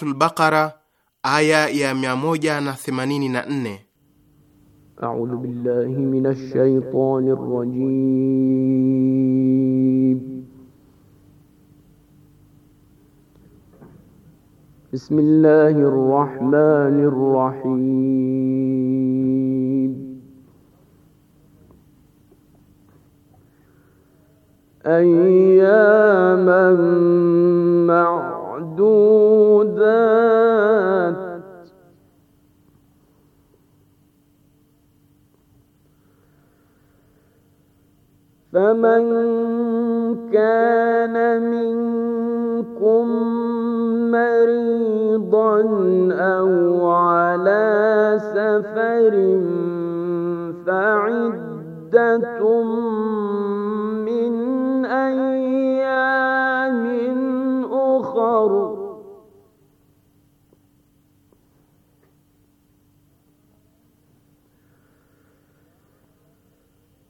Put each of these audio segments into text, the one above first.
Suratul Baqara aya ya 184. A'udhu billahi minash shaitanir rajim. Bismillahir rahmanir rahim. Ayyaman ma'a محدودات فمن كان منكم مريضا أو على سفر فعدة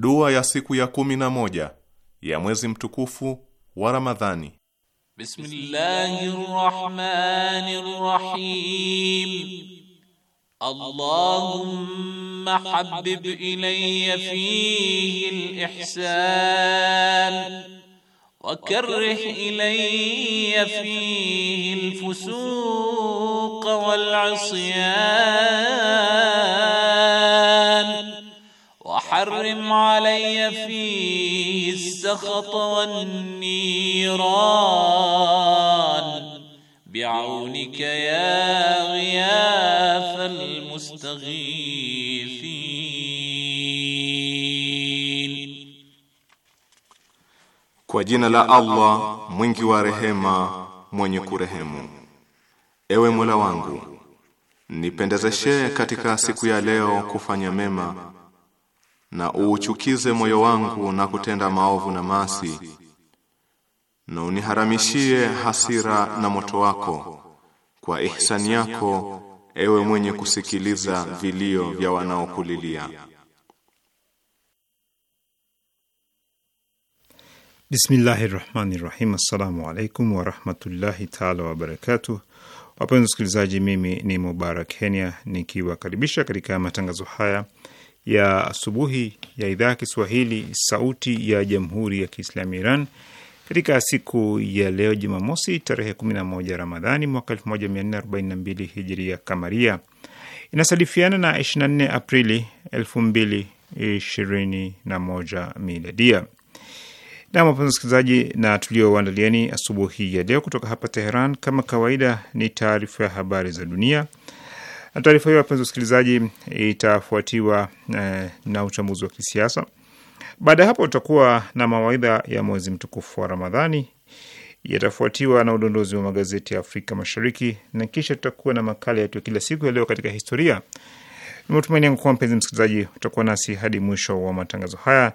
Dua ya siku ya kumi na moja ya mwezi mtukufu wa Ramadhani. Bismillahirrahmanirrahim. Allahumma habbib ilayya fihi al-ihsan wa karrih ilayya fihi al-fusuq wal-'isyan علي فيه السخط والنيران بعونك يا غياث المستغيثين Kwa jina la Allah mwingi wa rehema mwenye kurehemu. Ewe Mola wangu, nipendezeshe katika siku ya leo kufanya mema na uuchukize moyo wangu na kutenda maovu na maasi, na uniharamishie hasira na moto wako kwa ihsani yako, ewe mwenye kusikiliza vilio vya wanaokulilia. Bismillahi rahmani rahim. Assalamu alaikum warahmatullahi taala wabarakatuh. Wapenzi wasikilizaji, mimi ni Mubarak Kenya nikiwakaribisha katika matangazo haya ya asubuhi ya idhaa ya Kiswahili sauti ya jamhuri ya Kiislamu Iran katika siku ya leo Jumamosi tarehe 11 Ramadhani mwaka 1442 Hijria Kamaria inasadifiana na 24 Aprili 2021 Miladia. Na wapenzi wasikilizaji, na tulioandalieni asubuhi ya leo kutoka hapa Teheran, kama kawaida, ni taarifa ya habari za dunia taarifa hiyo, wapenzi wasikilizaji, itafuatiwa eh, na uchambuzi wa kisiasa. Baada ya hapo, tutakuwa na mawaidha ya mwezi mtukufu wa Ramadhani, yatafuatiwa na udondozi wa magazeti ya Afrika Mashariki, na kisha tutakuwa na makala yetu ya kila siku ya leo katika historia. Ni matumaini yangu kuwa mpenzi msikilizaji utakuwa nasi hadi mwisho wa matangazo haya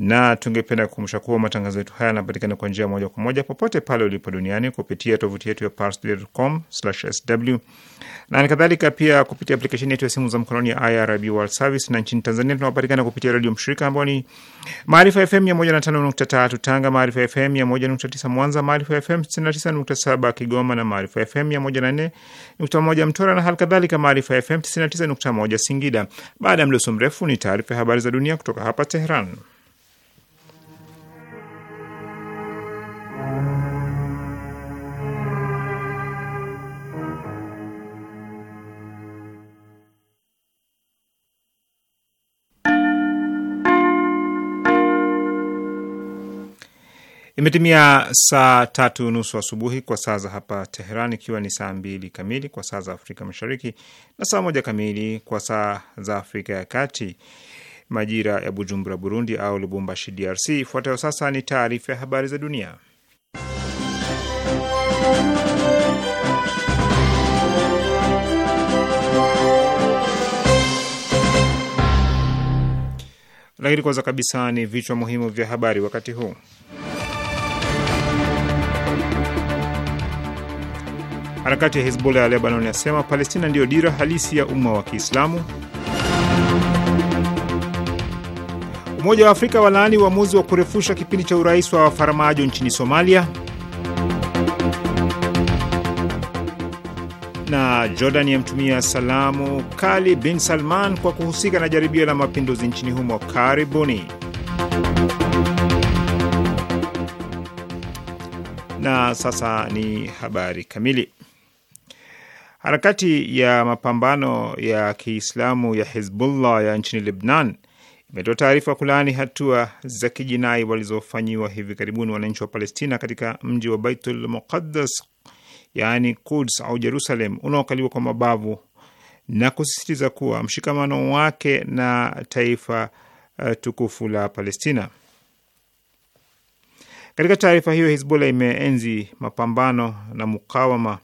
na tungependa kukumbusha kuwa matangazo yetu haya yanapatikana kwa njia moja kwa moja popote pale ulipo duniani kupitia tovuti yetu ya parstoday.com/sw na kadhalika, pia kupitia aplikesheni yetu ya simu za mkononi ya IRIB World Service, na nchini Tanzania tunapatikana kupitia redio mshirika ambao ni Maarifa FM 105.3 Tanga, Maarifa FM 101.9 Mwanza, Maarifa FM 99.7 Kigoma na Maarifa FM 104.1 Mtwara na halikadhalika Maarifa FM 99.1 Singida. Baada ya mdoso mrefu ni taarifa ya habari za dunia kutoka hapa Teheran. Imetimia saa tatu nusu asubuhi kwa saa za hapa Teheran, ikiwa ni saa mbili kamili kwa saa za Afrika Mashariki na saa moja kamili kwa saa za Afrika ya Kati, majira ya Bujumbura, Burundi, au Lubumbashi, DRC. Ifuatayo sasa ni taarifa ya habari za dunia, lakini kwanza kabisa ni vichwa muhimu vya habari wakati huu. Harakati ya Hizbullah ya Lebanon yasema Palestina ndiyo dira halisi ya umma wa Kiislamu. Umoja wa Afrika walaani uamuzi wa kurefusha kipindi cha urais wa wafarmajo nchini Somalia. Na Jordan yamtumia salamu kali bin Salman kwa kuhusika na jaribio la mapinduzi nchini humo. Karibuni. Na sasa ni habari kamili. Harakati ya mapambano ya Kiislamu ya Hizbullah ya nchini Lebnan imetoa taarifa kulaani hatua za kijinai walizofanyiwa hivi karibuni wananchi wa Palestina katika mji wa Baitul Muqaddas, yaani Kuds au Jerusalem unaokaliwa kwa mabavu na kusisitiza kuwa mshikamano wake na taifa uh, tukufu la Palestina. Katika taarifa hiyo, Hizbullah imeenzi mapambano na mukawama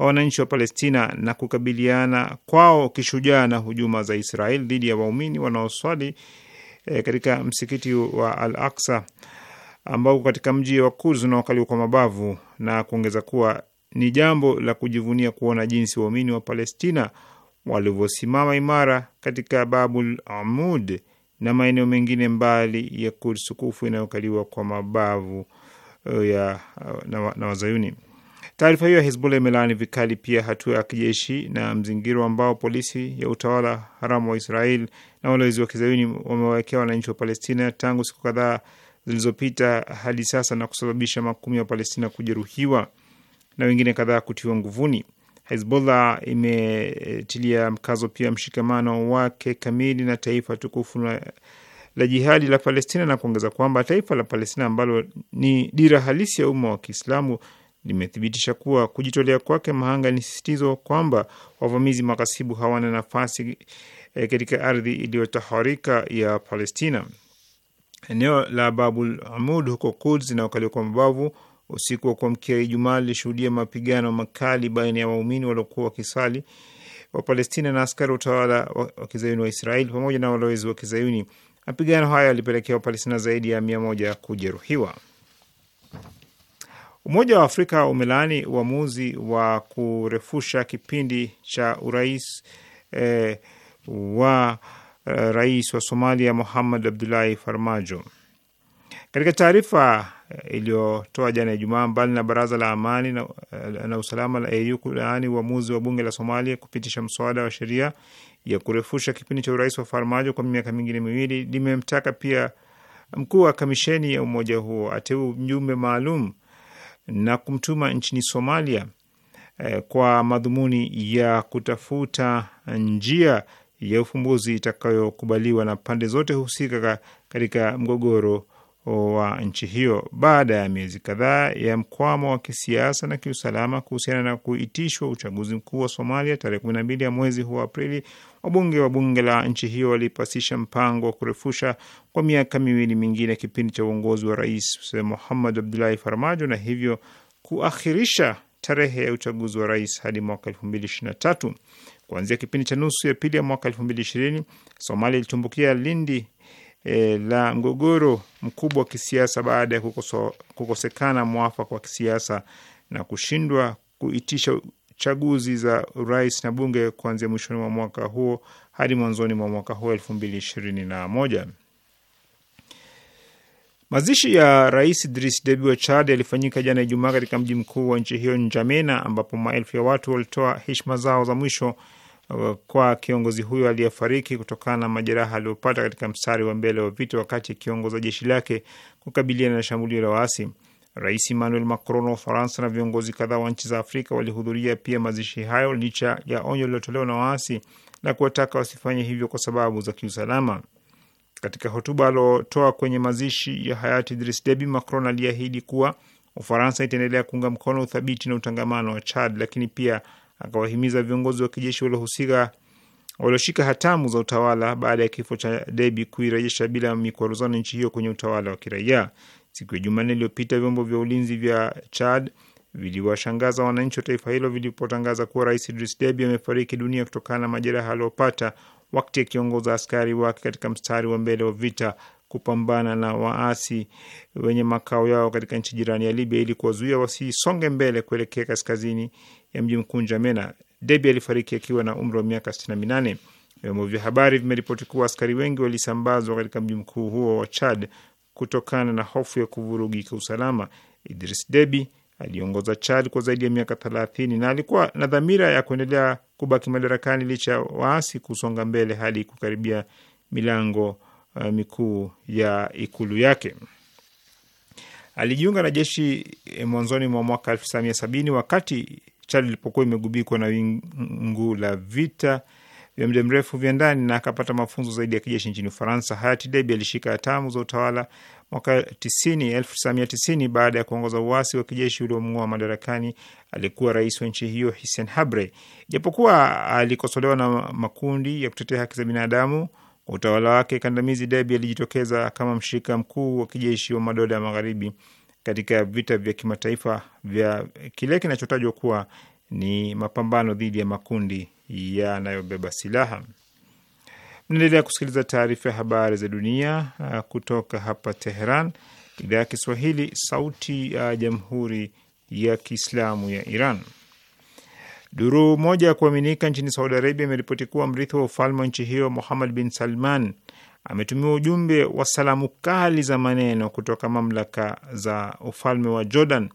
wa wananchi wa Palestina na kukabiliana kwao kishujaa na hujuma za Israel dhidi ya waumini wanaoswali e, katika msikiti wa Al Aksa ambao katika mji wa Quds unaokaliwa kwa mabavu, na kuongeza kuwa ni jambo la kujivunia kuona jinsi waumini wa Palestina walivyosimama imara katika Babul Amud na maeneo mengine mbali ya Quds tukufu inayokaliwa kwa mabavu eh, ya na, na Wazayuni. Taarifa hiyo ya Hizbullah imelaani vikali pia hatua ya kijeshi na mzingiro ambao polisi ya utawala haramu wa Israel na walowezi wa kizayuni wamewawekea wananchi wa Palestina tangu siku kadhaa zilizopita hadi sasa na kusababisha makumi ya Palestina kujeruhiwa na wengine kadhaa kutiwa nguvuni. Hezbollah imetilia mkazo pia mshikamano wake kamili na taifa tukufu la jihadi la Palestina na kuongeza kwamba taifa la Palestina ambalo ni dira halisi ya umma wa Kiislamu limethibitisha kuwa kujitolea kwake mahanga ni sisitizo kwamba wavamizi makasibu hawana nafasi e, katika ardhi iliyotaharika ya Palestina. Eneo la Babul Amud huko Kuds inaokaliwa kwa mabavu usiku wa kuamkia Ijumaa lilishuhudia mapigano makali baina ya waumini waliokuwa wakisali wa Palestina na askari utawala wa kizayuni wa Israeli pamoja na walowezi wa kizayuni. Mapigano haya yalipelekea Wapalestina zaidi ya mia moja kujeruhiwa. Umoja wa Afrika umelaani uamuzi wa kurefusha kipindi cha urais eh, wa eh, rais wa Somalia Muhammad Abdullahi Farmajo. Katika taarifa eh, iliyotoa jana Ijumaa, mbali na baraza la amani na, eh, na usalama la AU kulaani uamuzi wa bunge la Somalia kupitisha mswada wa sheria ya kurefusha kipindi cha urais wa Farmajo kwa miaka mingine miwili, limemtaka pia mkuu wa kamisheni ya umoja huo ateue mjumbe maalum na kumtuma nchini Somalia eh, kwa madhumuni ya kutafuta njia ya ufumbuzi itakayokubaliwa na pande zote husika katika mgogoro wa nchi hiyo. Baada ya miezi kadhaa ya mkwamo wa kisiasa na kiusalama kuhusiana na kuitishwa uchaguzi mkuu wa Somalia tarehe kumi na mbili ya mwezi huu wa Aprili Wabunge wa bunge la nchi hiyo walipasisha mpango wa kurefusha kwa miaka miwili mingine kipindi cha uongozi wa Rais Muhammad Abdullahi Farmajo na hivyo kuakhirisha tarehe ya uchaguzi wa rais hadi mwaka elfu mbili ishirini na tatu. Kuanzia kipindi cha nusu ya pili ya mwaka elfu mbili ishirini Somalia ilitumbukia lindi e, la mgogoro mkubwa wa kisiasa baada ya kukosekana mwafaka wa kisiasa na kushindwa kuitisha chaguzi za rais na bunge kuanzia mwishoni mwa mwaka huo hadi mwanzoni mwa mwaka huo elfu mbili ishirini na moja. Mazishi ya rais Idris Deby wa Chad yalifanyika jana Ijumaa katika mji mkuu wa nchi hiyo Njamena, ambapo maelfu ya watu walitoa heshima zao za mwisho uh, kwa kiongozi huyo aliyefariki kutokana na majeraha aliyopata katika mstari wa mbele wa vita wakati akiongoza jeshi lake kukabiliana na shambulio la waasi. Rais Emmanuel Macron wa Ufaransa na viongozi kadhaa wa nchi za Afrika walihudhuria pia mazishi hayo licha ya onyo lililotolewa na waasi na kuwataka wasifanye hivyo kwa sababu za kiusalama. Katika hotuba aliotoa kwenye mazishi ya hayati Idris Deby, Macron aliahidi kuwa Ufaransa itaendelea kuunga mkono uthabiti na utangamano wa Chad, lakini pia akawahimiza viongozi wa kijeshi waliohusika walioshika hatamu za utawala baada ya kifo cha Deby kuirejesha bila mikwaruzano nchi hiyo kwenye utawala wa kiraia. Siku ya Jumanne iliyopita vyombo vya ulinzi vya Chad viliwashangaza wananchi wa taifa hilo vilipotangaza kuwa Rais Idris Deby amefariki dunia kutokana na majeraha aliyopata wakati akiongoza askari wake katika mstari wa mbele wa vita kupambana na waasi wenye makao yao katika nchi jirani ya Libya ili kuwazuia wasisonge mbele kuelekea kaskazini ya mji mkuu Njamena. Deby alifariki akiwa na umri wa miaka 68. Vyombo vya habari vimeripoti kuwa askari wengi walisambazwa katika mji mkuu huo wa Chad kutokana na hofu ya kuvurugika usalama. Idris Deby aliongoza Chad kwa zaidi ya miaka thelathini na alikuwa na dhamira ya kuendelea kubaki madarakani licha ya waasi kusonga mbele hadi kukaribia milango uh, mikuu ya ikulu yake. Alijiunga na jeshi eh, mwanzoni mwa mwaka sabini wakati Chad ilipokuwa imegubikwa na wingu la vita vya muda mrefu vya ndani na akapata mafunzo zaidi ya kijeshi nchini Ufaransa. Hayati Debi alishika hatamu za utawala mwaka 90, 1990 baada ya kuongoza uasi wa kijeshi uliomng'oa madarakani alikuwa rais wa nchi hiyo Hisen Habre. Japokuwa alikosolewa na makundi ya kutetea haki za binadamu kwa utawala wake kandamizi, Debi alijitokeza kama mshirika mkuu wa kijeshi wa madola ya magharibi katika vita vya kimataifa vya kile kinachotajwa kuwa ni mapambano dhidi ya makundi yanayobeba silaha. Mnaendelea kusikiliza taarifa ya habari za dunia uh, kutoka hapa Teheran, idhaa ya Kiswahili, sauti ya jamhuri ya kiislamu ya Iran. Duru moja ya kuaminika nchini Saudi Arabia imeripoti kuwa mrithi wa ufalme wa nchi hiyo Muhammad bin Salman ametumiwa ujumbe wa salamu kali za maneno kutoka mamlaka za ufalme wa Jordan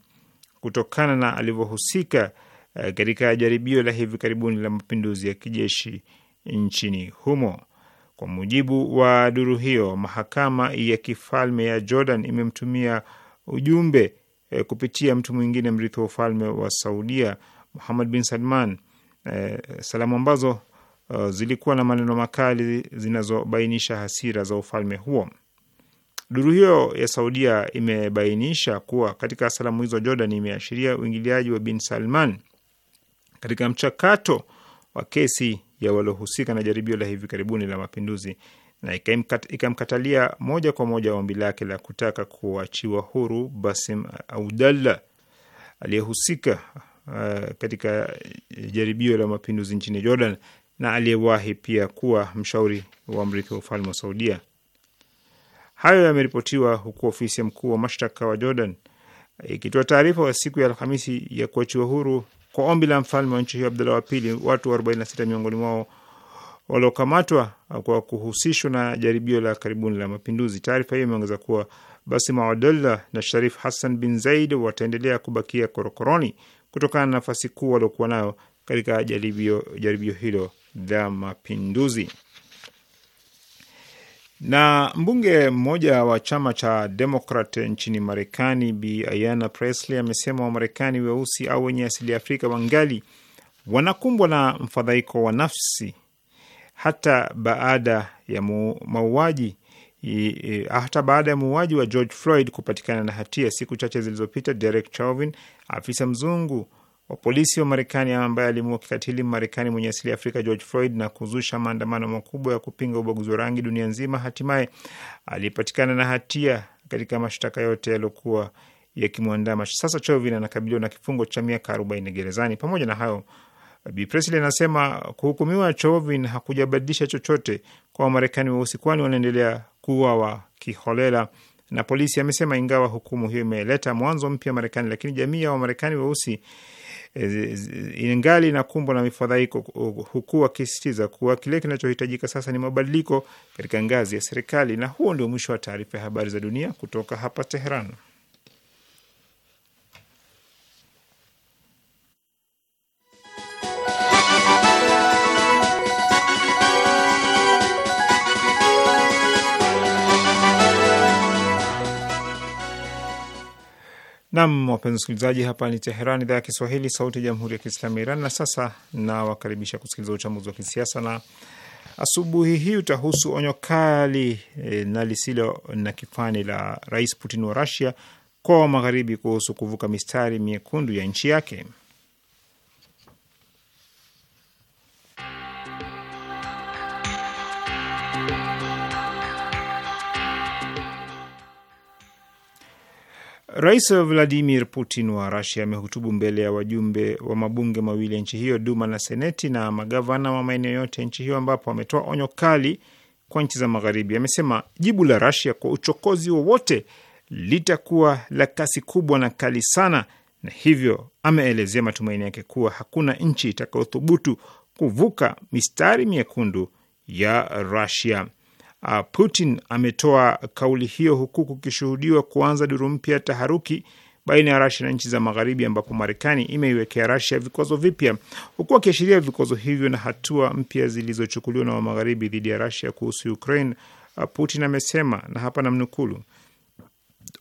kutokana na alivyohusika Eh, katika jaribio la hivi karibuni la mapinduzi ya kijeshi nchini humo. Kwa mujibu wa duru hiyo, mahakama ya kifalme ya Jordan imemtumia ujumbe e, kupitia mtu mwingine mrithi wa ufalme wa Saudia Muhammad bin Salman e, salamu ambazo e, zilikuwa na maneno makali zinazobainisha hasira za ufalme huo. Duru hiyo ya Saudia imebainisha kuwa katika salamu hizo Jordan imeashiria uingiliaji wa bin Salman katika mchakato wa kesi ya waliohusika na jaribio la hivi karibuni la mapinduzi na ikamkatalia moja kwa moja ombi lake la kutaka kuachiwa huru Basim Audalla aliyehusika uh, katika jaribio la mapinduzi nchini Jordan na aliyewahi pia kuwa mshauri wa mrithi wa ufalme wa Saudia. Hayo yameripotiwa huku ofisi ya mkuu wa mashtaka wa Jordan ikitoa taarifa wa siku ya Alhamisi ya kuachiwa huru kwa ombi la mfalme wa nchi hiyo Abdullah wa pili, watu 46 miongoni mwao waliokamatwa kwa kuhusishwa na jaribio la karibuni la mapinduzi. Taarifa hiyo imeongeza kuwa Basim Abdullah na Sharif Hassan bin Zaid wataendelea kubakia korokoroni kutokana na nafasi kuu waliokuwa nayo katika jaribio, jaribio hilo la mapinduzi. Na mbunge mmoja wa chama cha Demokrat nchini Marekani, Bi Ayana Presley amesema Wamarekani weusi au wenye asili ya Afrika wangali wanakumbwa na mfadhaiko wa nafsi hata baada ya mauaji hata baada ya muuaji wa George Floyd kupatikana na hatia siku chache zilizopita, Derek Chauvin, afisa mzungu wa polisi wa Marekani ambaye alimuua kikatili Marekani mwenye asili ya Afrika George Floyd na kuzusha maandamano makubwa ya kupinga ubaguzi wa rangi dunia nzima, hatimaye alipatikana na hatia katika mashtaka yote yaliyokuwa yakimwandama. Sasa Chauvin anakabiliwa na kifungo cha miaka arobaini gerezani. Pamoja na hayo, Bi Presley anasema kuhukumiwa Chauvin hakujabadilisha chochote kwa Wamarekani weusi, kwani wanaendelea kuwa wa kiholela na polisi. Amesema ingawa hukumu hiyo imeleta mwanzo mpya Marekani, lakini jamii ya Wamarekani weusi wa ingali inakumbwa na mifadhaiko, huku akisisitiza kuwa kile kinachohitajika sasa ni mabadiliko katika ngazi ya serikali. Na huo ndio mwisho wa taarifa ya habari za dunia kutoka hapa Teheran. Nam, wapenzi wasikilizaji, hapa ni Teheran, idhaa ya Kiswahili, sauti ya jamhuri ya kiislamu ya Iran. Na sasa nawakaribisha kusikiliza uchambuzi wa kisiasa, na asubuhi hii utahusu onyo kali e, na lisilo na kifani la Rais Putin wa Rusia kwa magharibi kuhusu kuvuka mistari miekundu ya nchi yake. Rais Vladimir Putin wa Rasia amehutubu mbele ya wajumbe wa mabunge mawili ya nchi hiyo, Duma na Seneti, na magavana wa maeneo yote ya nchi hiyo, ambapo ametoa onyo kali kwa nchi za Magharibi. Amesema jibu la Rasia kwa uchokozi wowote litakuwa la kasi kubwa na kali sana, na hivyo ameelezea matumaini yake kuwa hakuna nchi itakayothubutu kuvuka mistari miekundu ya Rasia. Uh, Putin ametoa kauli hiyo huku kukishuhudiwa kuanza duru mpya ya taharuki baina ya Rasia na nchi za Magharibi, ambapo Marekani imeiwekea Rasia vikwazo vipya, huku akiashiria vikwazo hivyo na hatua mpya zilizochukuliwa na wa Magharibi dhidi ya Rasia kuhusu Ukraine. Uh, Putin amesema, na hapa namnukulu,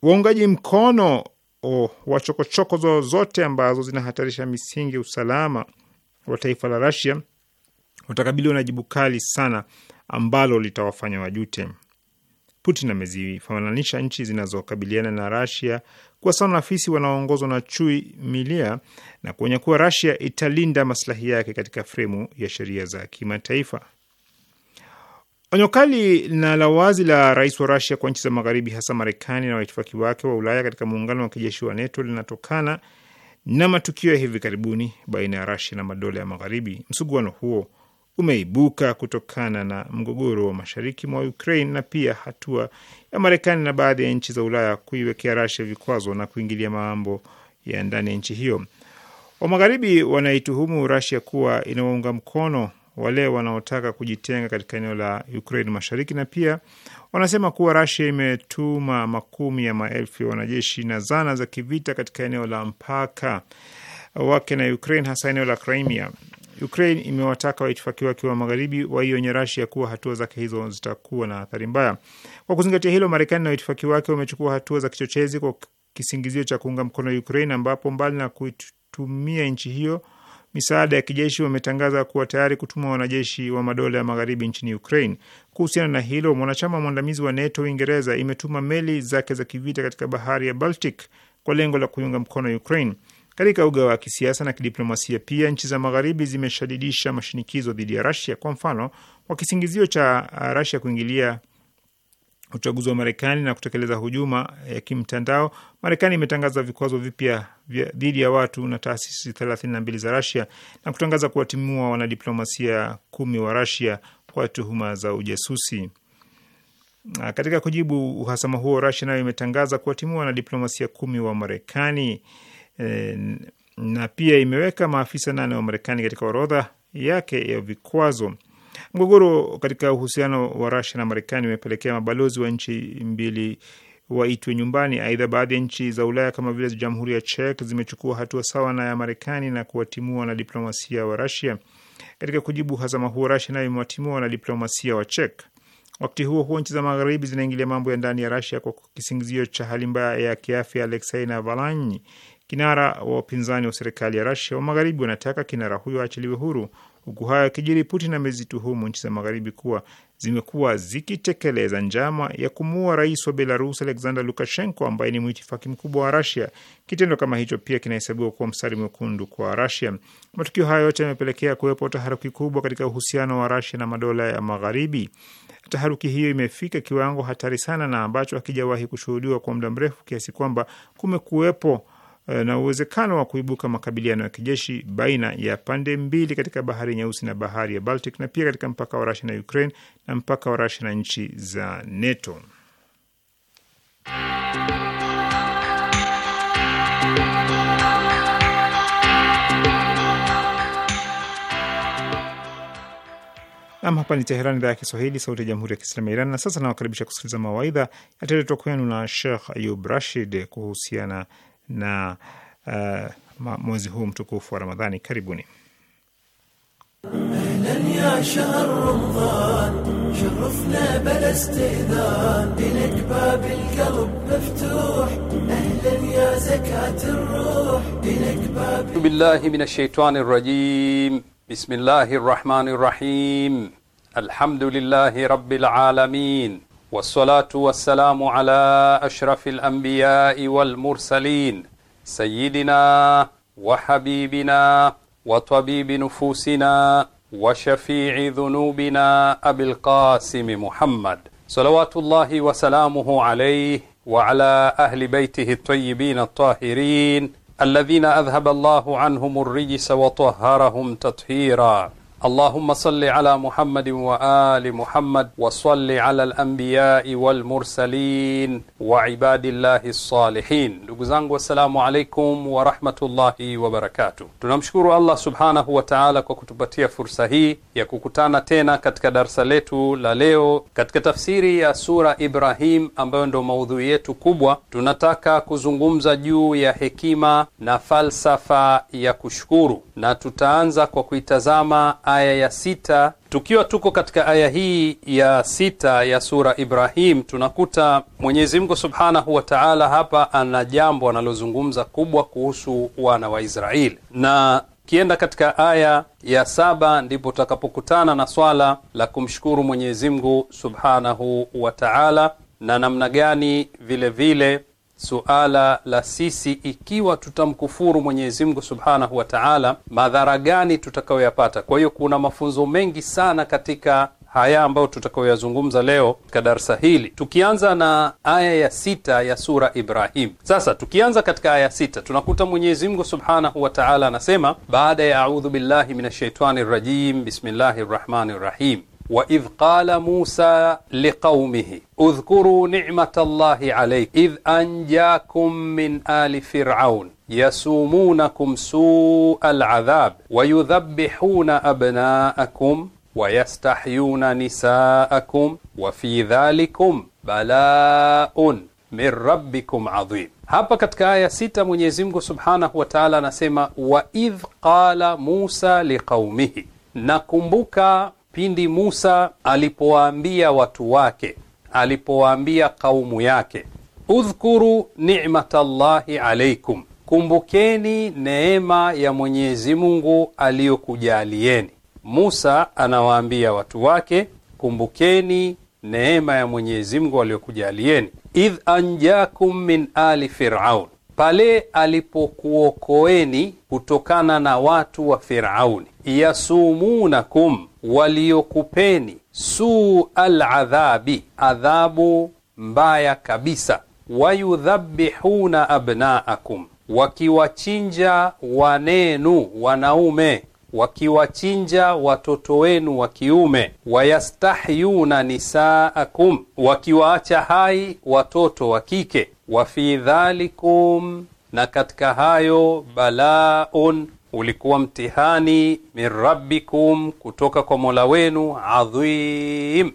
waungaji mkono oh, wa chokochoko zozote ambazo zinahatarisha misingi ya usalama wa taifa la Rasia watakabiliwa na jibu kali sana ambalo litawafanya wajute. Putin amezifananisha nchi zinazokabiliana na Rasia kuwa sawa na fisi wanaoongozwa na chui milia na kuonya kuwa Rasia italinda maslahi yake katika fremu ya sheria za kimataifa. Onyo kali na la wazi la rais wa Rasia kwa nchi za magharibi hasa Marekani na waitifaki wake wa Ulaya katika muungano wa kijeshi wa NATO linatokana na matukio ya hivi karibuni baina ya Rasia na madola ya magharibi. Msuguano huo umeibuka kutokana na mgogoro wa mashariki mwa Ukraine na pia hatua ya Marekani na baadhi ya nchi za Ulaya kuiwekea Rasia vikwazo na kuingilia mambo ya ndani ya nchi hiyo. Wa Magharibi wanaituhumu Rasia kuwa inawaunga mkono wale wanaotaka kujitenga katika eneo la Ukraine mashariki na pia wanasema kuwa Rasia imetuma makumi ya maelfu ya wanajeshi na zana za kivita katika eneo la mpaka wake na Ukraine, hasa eneo la Crimea. Ukraine imewataka waitifaki wake wa magharibi waionye Rasia kuwa hatua zake hizo zitakuwa na athari mbaya. Kwa kuzingatia hilo, Marekani na waitifaki wake wamechukua hatua za kichochezi kwa kisingizio cha kuunga mkono Ukraine, ambapo mbali na kuitumia nchi hiyo misaada ya kijeshi, wametangaza kuwa tayari kutuma wanajeshi wa madola ya magharibi nchini Ukraine. Kuhusiana na hilo, mwanachama mwandamizi wa NATO Uingereza imetuma meli zake za kivita katika bahari ya Baltic kwa lengo la kuiunga mkono Ukraine. Katika uga wa kisiasa na kidiplomasia pia nchi za magharibi zimeshadidisha mashinikizo dhidi ya Rasia. Kwa mfano, kwa kisingizio cha uh, Rasia kuingilia uchaguzi wa Marekani na kutekeleza hujuma ya eh, kimtandao, Marekani imetangaza vikwazo vipya dhidi ya watu na taasisi thelathini na mbili za Rasia na kutangaza kuwatimua wanadiplomasia kumi wa Rasia kwa tuhuma za ujasusi. Ah, katika kujibu uhasama huo, Rasia nayo imetangaza kuwatimua wanadiplomasia kumi wa Marekani. Eh, na pia imeweka maafisa nane wa Marekani katika orodha yake ya vikwazo. Mgogoro katika uhusiano wa Rusia na Marekani umepelekea mabalozi wa nchi mbili waitwe nyumbani. Aidha, baadhi ya nchi za Ulaya kama vile Jamhuri ya Czech zimechukua hatua sawa na ya Marekani na kuwatimua wanadiplomasia wa Rusia. Katika kujibu hazama huo, Rusia nayo imewatimua wanadiplomasia wa Czech. Wakati huo huo, nchi za magharibi zinaingilia mambo ya ndani ya Rusia kwa kisingizio cha hali mbaya ya kiafya Alexei Navalny Kinara wa upinzani wa serikali ya Rasia wa magharibi wanataka kinara huyo aachiliwe huru. Huku hayo akijiri, Putin amezituhumu nchi za magharibi kuwa zimekuwa zikitekeleza njama ya kumuua rais wa Belarus Alexander Lukashenko ambaye ni mwitifaki mkubwa wa Rasia. Kitendo kama hicho pia kinahesabiwa kuwa mstari mwekundu kwa Rasia. Matukio hayo yote yamepelekea kuwepo taharuki kubwa katika uhusiano wa Rasia na madola ya magharibi. Taharuki hiyo imefika kiwango hatari sana na ambacho hakijawahi kushuhudiwa kwa muda mrefu, kiasi kwamba kumekuwepo Eh, na uwezekano wa kuibuka makabiliano ya kijeshi baina ya pande mbili katika bahari nyeusi na bahari ya Baltic na pia katika mpaka wa Rusia na Ukraine na mpaka wa Rusia na nchi za NATO. Nam, hapa ni Teheran, idhaa ya Kiswahili, sauti ya jamhuri ya kiislamu ya Iran. Na sasa nawakaribisha kusikiliza mawaidha yataletwa kwenu na Shekh Ayub Rashid kuhusiana na uh, mwezi huu mtukufu wa Ramadhani. Karibuni. Billahi minash shaitani rajim. Bismillahir rahmanir rahim. Alhamdulillahi rabbil alamin والصلاة والسلام على أشرف الأنبياء والمرسلين سيدنا وحبيبنا وطبيب نفوسنا وشفيع ذنوبنا أبي القاسم محمد صلوات الله وسلامه عليه وعلى أهل بيته الطيبين الطاهرين الذين أذهب الله عنهم الرجس وطهرهم تطهيرا Allahumma salli ala Muhammadin wa ali Muhammad wa salli ala al-anbiya'i wal mursalin wa ibadillahi salihin. Ndugu zangu, assalamu alaikum wa rahmatullahi wa barakatuh. Tunamshukuru Allah subhanahu wa ta'ala kwa kutupatia fursa hii ya kukutana tena katika darsa letu la leo katika tafsiri ya sura Ibrahim, ambayo ndio maudhui yetu kubwa. Tunataka kuzungumza juu ya hekima na falsafa ya kushukuru, na tutaanza kwa kuitazama aya ya sita. Tukiwa tuko katika aya hii ya sita ya sura Ibrahim, tunakuta Mwenyezi Mungu subhanahu wa taala hapa ana jambo analozungumza kubwa kuhusu wana wa Israeli na kienda katika aya ya saba ndipo tutakapokutana na swala la kumshukuru Mwenyezi Mungu subhanahu wa taala na namna gani vile vile suala la sisi ikiwa tutamkufuru Mwenyezi Mungu subhanahu wa taala, madhara gani tutakayoyapata? Kwa hiyo kuna mafunzo mengi sana katika haya ambayo tutakayoyazungumza leo katika darsa hili, tukianza na aya ya sita ya sura Ibrahim. Sasa tukianza katika aya sita tunakuta Mwenyezi Mungu subhanahu wa taala anasema, baada ya audhu billahi min shaitani rajim, bismillahi rahmani rahim وإذ قال موسى لقومه اذكروا نعمة الله عليك إذ أنجاكم من آل فرعون يسومونكم سوء العذاب ويذبحون أبناءكم ويستحيون نساءكم وفي ذلكم بلاء من ربكم عظيم Hapa katika aya sita Mwenyezi Mungu subhanahu wa taala anasema waidh qala Musa liqaumihi, nakumbuka pindi Musa alipowaambia watu wake, alipowaambia kaumu yake, udhkuru nimata llahi alaikum, kumbukeni neema ya Mwenyezi Mungu aliyokujalieni. Musa anawaambia watu wake, kumbukeni neema ya Mwenyezi Mungu aliyokujalieni, idh anjakum min ali firaun, pale alipokuokoeni kutokana na watu wa Firauni, yasumunakum waliokupeni su aladhabi, adhabu mbaya kabisa, wayudhabihuna abnaakum, wakiwachinja wanenu wanaume, wakiwachinja watoto wenu wa kiume, wayastahyuna nisaakum, wakiwaacha hai watoto wa kike. Wafi dhalikum, na katika hayo balaun ulikuwa mtihani min rabbikum, kutoka kwa mola wenu, adhim,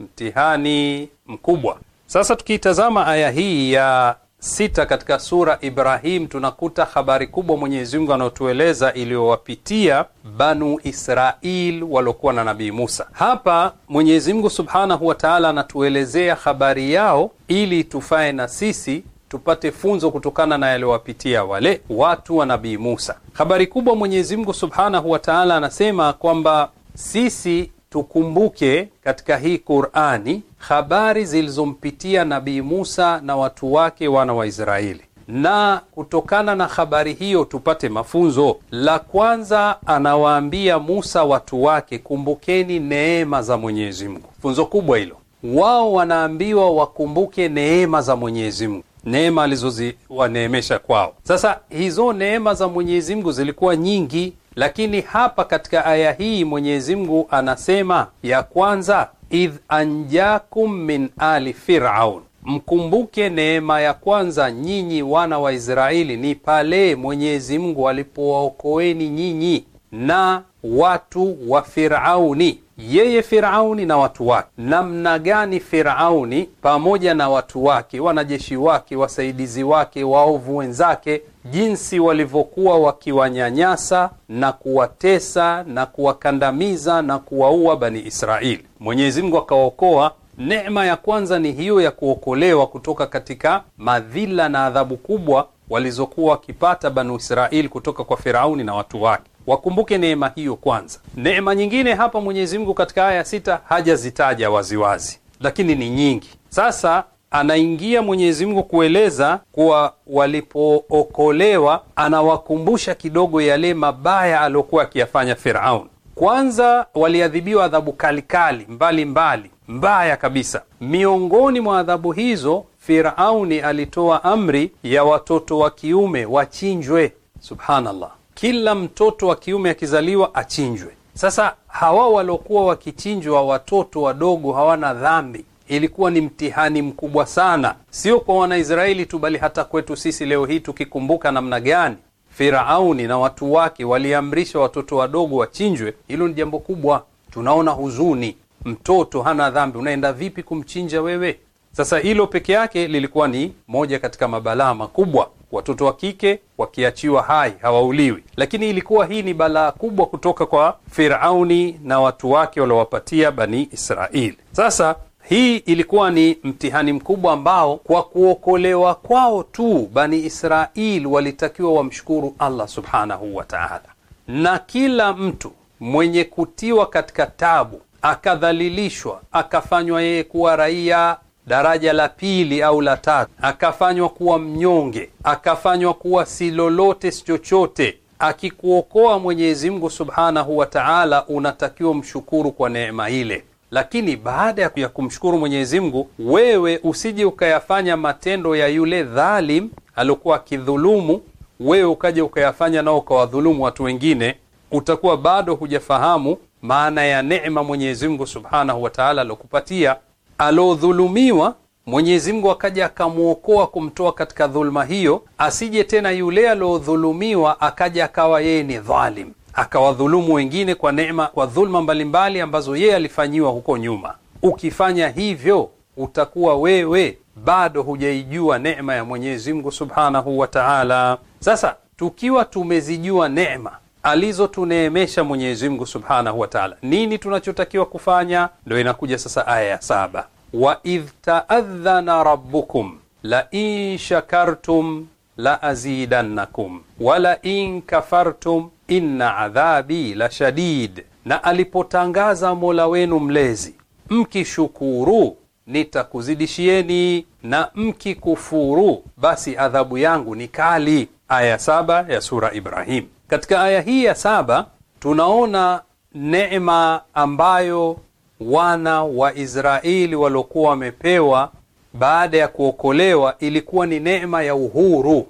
mtihani mkubwa. Sasa tukiitazama aya hii ya sita katika sura Ibrahim tunakuta habari kubwa Mwenyezi Mungu anayotueleza iliyowapitia Banu Israil waliokuwa na Nabii Musa. Hapa Mwenyezi Mungu subhanahu wa taala anatuelezea habari yao ili tufae na sisi tupate funzo kutokana na yaliyowapitia wale watu wa Nabii Musa. Habari kubwa, Mwenyezi Mungu Subhanahu wa Ta'ala anasema kwamba sisi tukumbuke katika hii Qur'ani habari zilizompitia Nabii Musa na watu wake wana wa Israeli, na kutokana na habari hiyo tupate mafunzo. La kwanza, anawaambia Musa watu wake, kumbukeni neema za Mwenyezi Mungu. Funzo kubwa hilo, wao wanaambiwa wakumbuke neema za Mwenyezi Mungu neema alizoziwaneemesha kwao. Sasa hizo neema za Mwenyezi Mungu zilikuwa nyingi, lakini hapa katika aya hii Mwenyezi Mungu anasema ya kwanza, idh anjakum min ali firaun Mkumbuke neema ya kwanza nyinyi wana wa Israeli ni pale Mwenyezi Mungu alipowaokoeni nyinyi na watu wa Firauni yeye Firauni na watu wake, namna gani Firauni pamoja na watu wake, wanajeshi wake, wasaidizi wake, waovu wenzake, jinsi walivyokuwa wakiwanyanyasa na kuwatesa na kuwakandamiza na kuwaua Bani Israeli. Mwenyezi Mungu akawaokoa. Neema ya kwanza ni hiyo ya kuokolewa kutoka katika madhila na adhabu kubwa walizokuwa wakipata Banu Israeli kutoka kwa Firauni na watu wake wakumbuke neema hiyo kwanza. Neema nyingine hapa Mwenyezi Mungu katika aya sita hajazitaja waziwazi, lakini ni nyingi. Sasa anaingia Mwenyezi Mungu kueleza kuwa walipookolewa, anawakumbusha kidogo yale mabaya aliyokuwa akiyafanya Firaun. Kwanza waliadhibiwa adhabu kalikali mbalimbali mbaya kabisa. Miongoni mwa adhabu hizo, Firauni alitoa amri ya watoto wa kiume wachinjwe. Subhanallah kila mtoto wa kiume akizaliwa achinjwe. Sasa hawa waliokuwa wakichinjwa watoto wadogo hawana dhambi, ilikuwa ni mtihani mkubwa sana, sio kwa Wanaisraeli tu, bali hata kwetu sisi leo hii tukikumbuka namna gani Firauni na watu wake waliamrisha watoto wadogo wachinjwe. Hilo ni jambo kubwa, tunaona huzuni. Mtoto hana dhambi, unaenda vipi kumchinja wewe? Sasa hilo peke yake lilikuwa ni moja katika mabalaa makubwa, watoto wa kike wakiachiwa hai hawauliwi. Lakini ilikuwa hii ni balaa kubwa kutoka kwa Firauni na watu wake waliowapatia Bani Israeli. Sasa hii ilikuwa ni mtihani mkubwa ambao kwa kuokolewa kwao tu Bani Israeli walitakiwa wamshukuru Allah subhanahu wataala na kila mtu mwenye kutiwa katika tabu akadhalilishwa akafanywa yeye kuwa raia daraja la pili au la tatu, akafanywa kuwa mnyonge, akafanywa kuwa si lolote si chochote. Akikuokoa Mwenyezi Mungu subhanahu wa taala, unatakiwa mshukuru kwa neema ile, lakini baada ya kumshukuru Mwenyezi Mungu, wewe usije ukayafanya matendo ya yule dhalim aliokuwa akidhulumu wewe, ukaja ukayafanya nao ukawadhulumu watu wengine, utakuwa bado hujafahamu maana ya neema Mwenyezi Mungu subhanahu wa taala aliokupatia alodhulumiwa Mwenyezi Mungu akaja akamwokoa kumtoa katika dhuluma hiyo, asije tena yule alodhulumiwa akaja akawa yeye ni dhalim, akawadhulumu wengine kwa neema, kwa dhuluma mbalimbali ambazo yeye alifanyiwa huko nyuma. Ukifanya hivyo, utakuwa wewe bado hujaijua neema ya Mwenyezi Mungu subhanahu wa taala. Sasa tukiwa tumezijua neema alizotuneemesha Mwenyezi Mungu subhanahu wa taala. Nini tunachotakiwa kufanya? Ndo inakuja sasa aya ya saba, idh taadhana rabbukum lain shakartum la azidannakum wala in kafartum inna adhabi la shadid, na alipotangaza Mola wenu mlezi, mkishukuru nitakuzidishieni na mkikufuru basi adhabu yangu ni kali. Aya saba ya sura Ibrahim. Katika aya hii ya saba tunaona neema ambayo wana wa Israeli waliokuwa wamepewa baada ya kuokolewa ilikuwa ni neema ya uhuru,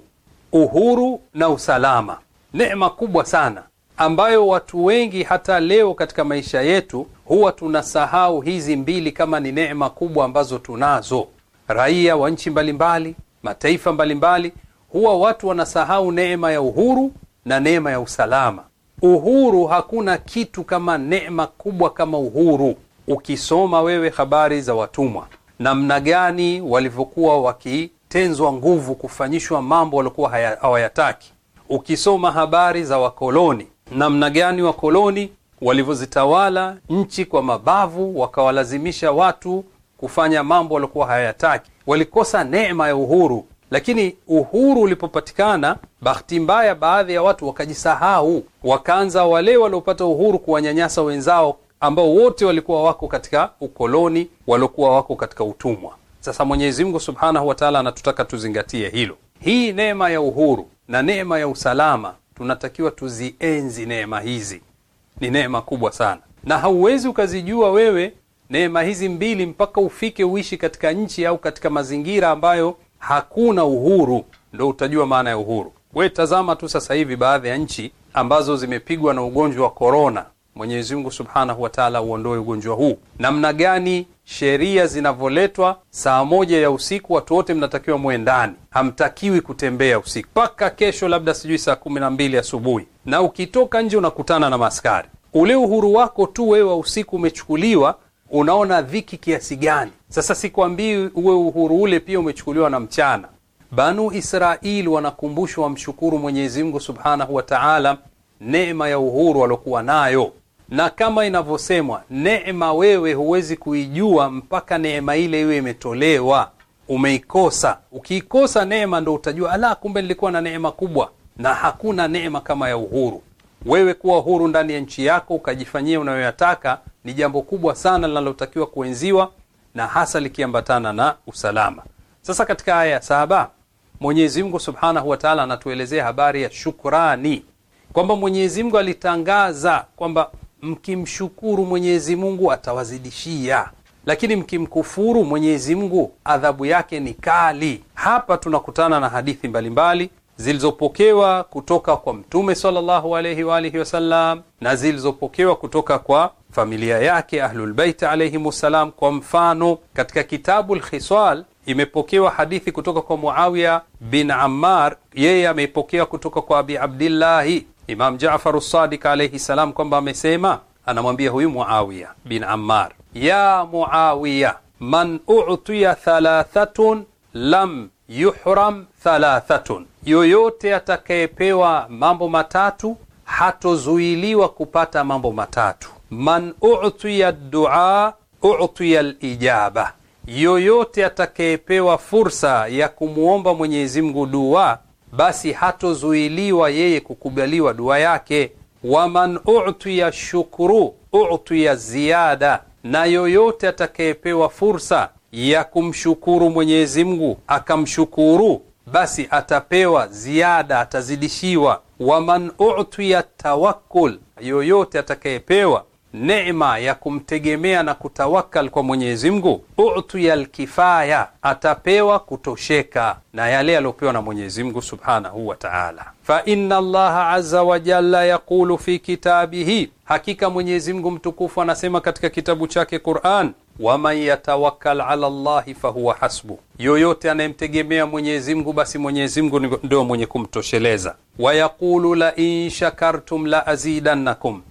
uhuru na usalama. Neema kubwa sana ambayo watu wengi hata leo katika maisha yetu huwa tunasahau hizi mbili kama ni neema kubwa ambazo tunazo. Raia wa nchi mbalimbali, mataifa mbalimbali, huwa watu wanasahau neema ya uhuru na neema ya usalama. Uhuru, hakuna kitu kama neema kubwa kama uhuru. Ukisoma wewe habari za watumwa, namna gani walivyokuwa wakitenzwa nguvu, kufanyishwa mambo waliokuwa hawayataki. Ukisoma habari za wakoloni, namna gani wakoloni walivyozitawala nchi kwa mabavu, wakawalazimisha watu kufanya mambo waliokuwa hayataki. Walikosa neema ya uhuru lakini uhuru ulipopatikana, bahati mbaya, baadhi ya watu wakajisahau, wakaanza wale waliopata uhuru kuwanyanyasa wenzao ambao wote walikuwa wako katika ukoloni, waliokuwa wako katika utumwa. Sasa Mwenyezi Mungu Subhanahu wataala anatutaka tuzingatie hilo. Hii neema ya uhuru na neema ya usalama, tunatakiwa tuzienzi neema hizi, ni neema kubwa sana, na hauwezi ukazijua wewe neema hizi mbili mpaka ufike uishi katika nchi au katika mazingira ambayo hakuna uhuru, ndo utajua maana ya uhuru. We tazama tu sasa hivi baadhi ya nchi ambazo zimepigwa na ugonjwa wa korona, Mwenyezi Mungu subhanahu wa taala uondoe ugonjwa huu, namna gani sheria zinavyoletwa. Saa moja ya usiku watu wote mnatakiwa mwe ndani, hamtakiwi kutembea usiku mpaka kesho, labda sijui saa kumi na mbili asubuhi, na ukitoka nje unakutana na maskari Ule uhuru wako tu wewe wa usiku umechukuliwa unaona dhiki kiasi gani? Sasa sikwambii uwe uhuru ule pia umechukuliwa na mchana. Banu Israil wanakumbushwa wamshukuru Mwenyezi Mungu subhanahu wa taala neema ya uhuru waliokuwa nayo, na kama inavyosemwa, neema wewe huwezi kuijua mpaka neema ile iwe imetolewa. Umeikosa, ukiikosa neema ndo utajua, ala, kumbe nilikuwa na neema kubwa. Na hakuna neema kama ya uhuru, wewe kuwa huru ndani ya nchi yako ukajifanyia unayoyataka ni jambo kubwa sana linalotakiwa kuenziwa na hasa likiambatana na usalama. Sasa katika aya ya saba Mwenyezi Mungu Subhanahu wa Ta'ala anatuelezea habari ya shukrani kwamba Mwenyezi Mungu alitangaza kwamba mkimshukuru Mwenyezi Mungu atawazidishia, lakini mkimkufuru Mwenyezi Mungu adhabu yake ni kali. Hapa tunakutana na hadithi mbalimbali mbali zilizopokewa kutoka kwa Mtume sallallahu alayhi wa alihi wasallam na zilizopokewa kutoka kwa familia yake Ahlulbeit alayhim wassalam. Kwa mfano katika kitabu Lkhisal imepokewa hadithi kutoka kwa Muawiya bin Ammar, yeye ameipokewa kutoka kwa Abi Abdillahi Imam Jafaru Sadiq alayhi salam kwamba amesema, anamwambia huyu Muawiya bin Ammar, ya Muawiya, man utiya thalathatun lam yuhram thalathatun yoyote atakayepewa mambo matatu hatozuiliwa kupata mambo matatu. Man utiya dua utiya lijaba, yoyote atakayepewa fursa ya kumwomba Mwenyezi Mungu dua, basi hatozuiliwa yeye kukubaliwa dua yake. Waman utiya shukru utiya ziyada, na yoyote atakayepewa fursa ya kumshukuru Mwenyezi Mungu akamshukuru basi atapewa ziada, atazidishiwa. Waman utiya tawakkul, yoyote atakayepewa neema ya kumtegemea na kutawakal kwa Mwenyezi Mungu, utiya lkifaya, atapewa kutosheka na yale aliyopewa na Mwenyezi Mungu subhanahu wa taala. Fa inna Allaha azza wa jalla yaqulu fi kitabihi, hakika Mwenyezi Mungu mtukufu anasema katika kitabu chake Quran waman yatawakal ala llahi fahuwa hasbu, yoyote anayemtegemea Mwenyezi Mungu basi Mwenyezi Mungu ndio mwenye kumtosheleza. Wayaqulu la in shakartum la azidannakum,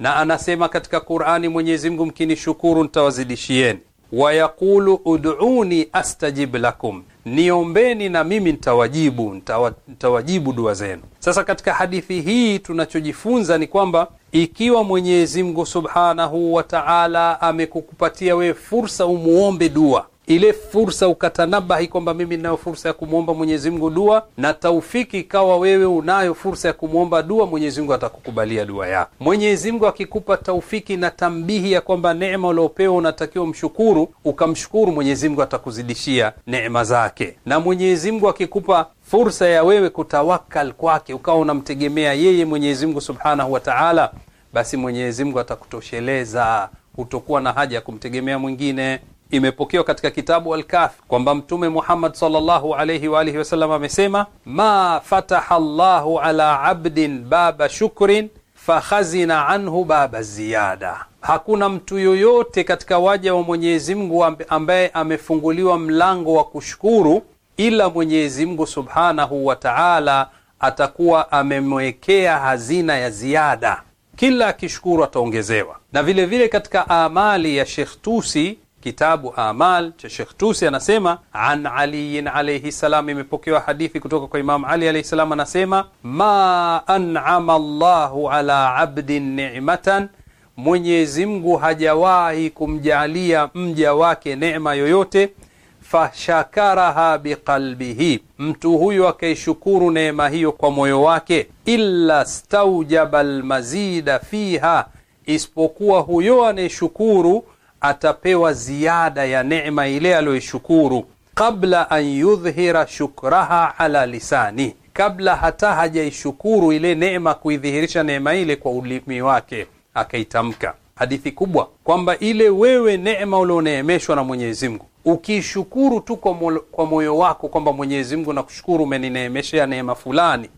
na anasema katika Qur'ani Mwenyezi Mungu, mkinishukuru nitawazidishieni. Wayaqulu ud'uni astajib lakum niombeni na mimi nitawajibu, nitawajibu dua zenu. Sasa katika hadithi hii tunachojifunza ni kwamba ikiwa Mwenyezi Mungu subhanahu wa taala amekukupatia wewe fursa umwombe dua ile fursa ukatanabahi kwamba mimi ninayo fursa ya kumwomba Mwenyezi Mungu dua na taufiki, ikawa wewe unayo fursa ya kumwomba dua, Mwenyezi Mungu atakukubalia dua yako. Mwenyezi Mungu akikupa taufiki na tambihi ya kwamba neema uliopewa unatakiwa mshukuru, ukamshukuru, Mwenyezi Mungu atakuzidishia neema zake. Na Mwenyezi Mungu akikupa fursa ya wewe kutawakal kwake, ukawa unamtegemea yeye Mwenyezi Mungu Subhanahu wa Ta'ala, basi Mwenyezi Mungu atakutosheleza, hutokuwa na haja ya kumtegemea mwingine. Imepokewa katika kitabu al kwamba Mtume Muhammad sallallahu alayhi wa alihi wasallam amesema, ma fataha llahu ala abdin baba shukrin fakhazina anhu baba ziyada, hakuna mtu yoyote katika waja wa Mwenyezi Mungu ambaye amefunguliwa mlango wa kushukuru ila Mwenyezi Mungu subhanahu wa taala atakuwa amemwekea hazina ya ziada, kila akishukuru ataongezewa. Na vilevile vile katika amali ya shekh Tusi kitabu Amal cha Shekh Tusi anasema, an aliyin alaihi salam, imepokewa hadithi kutoka kwa Imamu Ali alaihi salam anasema, ma an'ama Allahu ala abdin ni'matan, Mwenyezi Mungu hajawahi kumjalia mja wake neema yoyote fashakaraha biqalbihi, mtu huyo akaishukuru neema hiyo kwa moyo wake. Illa staujaba lmazida fiha, isipokuwa huyo anayeshukuru atapewa ziada ya neema ile aliyoishukuru, kabla an yudhhira shukraha ala lisani, kabla hata hajaishukuru ile neema, kuidhihirisha neema ile kwa ulimi wake akaitamka. Hadithi kubwa kwamba ile wewe neema ulioneemeshwa na Mwenyezi Mungu ukiishukuru tu kwa moyo wako kwamba Mwenyezi Mungu nakushukuru, umenineemeshea neema fulani,